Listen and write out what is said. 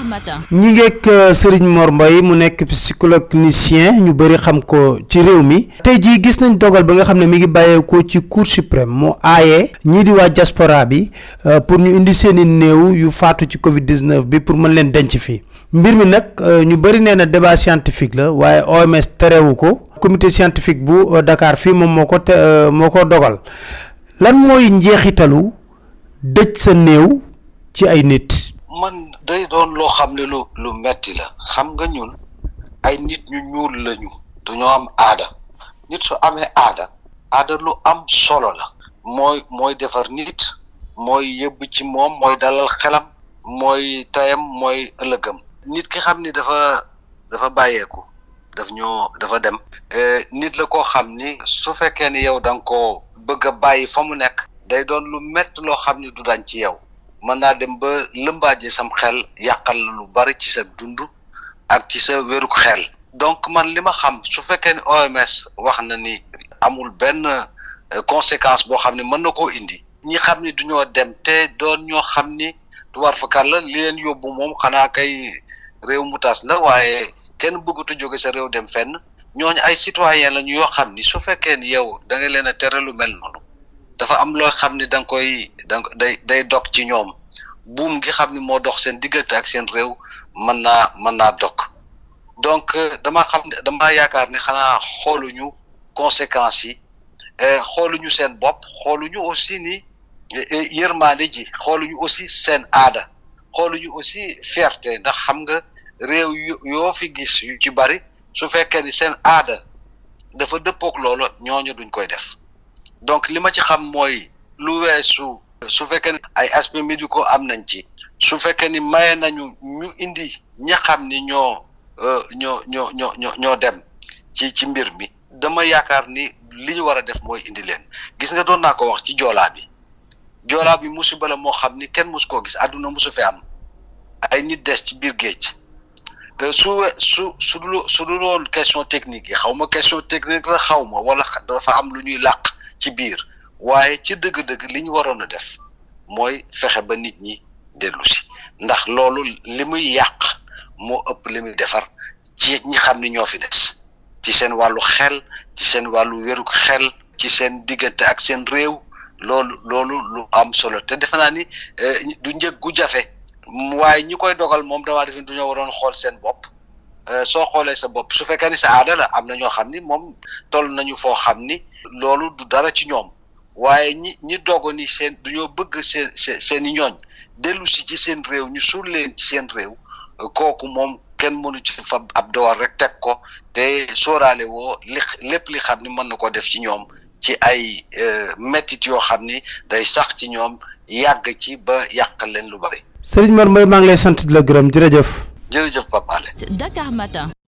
Dakar Matin. ñi ngeeg euh, Serigne Mor Mbaye mu nekk psycholonicien ñu bëri xam ko ci réew mi te jii gis nañ dogal ba nga xam ne mi ngi bàyyeekoo ci cour suprême mu aaye ñii di waa diaspora bi euh, pour ñu indi seeni néew yu faatu ci Covid 19 bi pour mën leen denc fii mbir mi nag euh, ñu bëri nee na débat scientifique la waaye OMS terewu ko comité scientifique bu dakaar fii moom moo ko te moo ko dogal lan mooy njeexitalu dëj sa néew ci ay nit. man day doon loo xam ne lu lu metti la xam nga ñuul ay nit ñu ñuul lañu dañoo am aada nit su amee aada aada lu am solo la mooy mooy defar nit mooy yëbb ci moom mooy dalal xelam mooy tayam mooy ëllëgam nit ki xam ni dafa dafa bàyyeeku daf ñoo dafa dem eh, nit la koo xam ni su fekkee ni yow da nga ko bëgg a bàyyi fa mu nekk day doon lu mett loo xam ni du dañ ci yow mën naa dem ba lëmbaaje sam xel yàqal lu bari ci sa dund ak ci sa wéruk xel donc man li ma xam su fekkee ni OMS wax na ni amul benn euh, conséquence boo xam ne mën na koo indi ñi xam ni duñoo dem te doon ñoo xam ni du war fa kàll li leen yóbbu moom xanaa kay réew mu tas la waaye kenn bëggatu jóge sa réew dem fenn ñooñu ay citoyen lañu yoo xam ni su fekkee ni yow da nga leen a tere lu mel noonu dafa am loo xam ni dang koy da day day dog ci ñoom buum gi xam ni moo dox seen diggante ak seen réew mën naa mën naa dog donc euh, dama xam ne damaa yaakaar ni xanaa xooluñu conséquences yi euh, xooluñu seen bopp xooluñu aussi ni euh, yërmaande ji xooluñu aussi seen aada xooluñu aussi fierté ndax xam nga réew yoo fi gis yu ci bari su fekkee ni seen aada dafa dëppook loolu ñooñu duñ koy def donc li ma ci xam mooy lu weesu su fekkee ni ay aspects médicaux am nañ ci su fekkee ni maye nañu ñu indi ña xam ni euh, ñoo ñoo ñoo ñoo dem ci ci mbir mi dama yaakaar ni li ñu war a def mooy indi leen gis nga doon naa ko wax ci joolaa bi joolaa bi musiba bala moo xam ni kenn mosu koo gis àdduna mosu fee am ay nit des ci biir géej su su su dul su dul question technique yi xaw ma question technique la xawma ma wala dafa am lu ñuy làq ci biir waaye ci dëgg-dëgg li ñu waroon a def mooy fexe ba nit ñi dellusi ndax loolu li muy yàq moo ëpp li muy defar ci ñi xam ni ñoo fi des ci seen wàllu xel ci seen wàllu wéru xel ci seen diggante ak seen réew loolu loolu lu am solo te defe naa ni euh, du njëg gu jafe waaye ñi koy dogal moom damaa defe duñoo waroon xool seen bopp Euh, soo xoolee sa bopp su fekkee ni sa aada la am na ñoo xam ni moom toll nañu foo xam ni loolu du dara ci ñoom waaye ñi ñi dogo ni seen duñoo bëgg seen seen i ñooñ dellu si ci seen réew ñu suur leen ci seen réew kooku moom kenn mënu ci fa ab door rek teg ko te sooraale woo li lépp li xam ni mën na ko def ci ñoom ci ay euh, mettit yoo xam ni day sax ci ñoom yàgg ci ba yàq leen lu bari. Serigne Mor Mbaye maa ngi lay sant di la gërëm jërëjëf. Joseph Pape Dakar Matin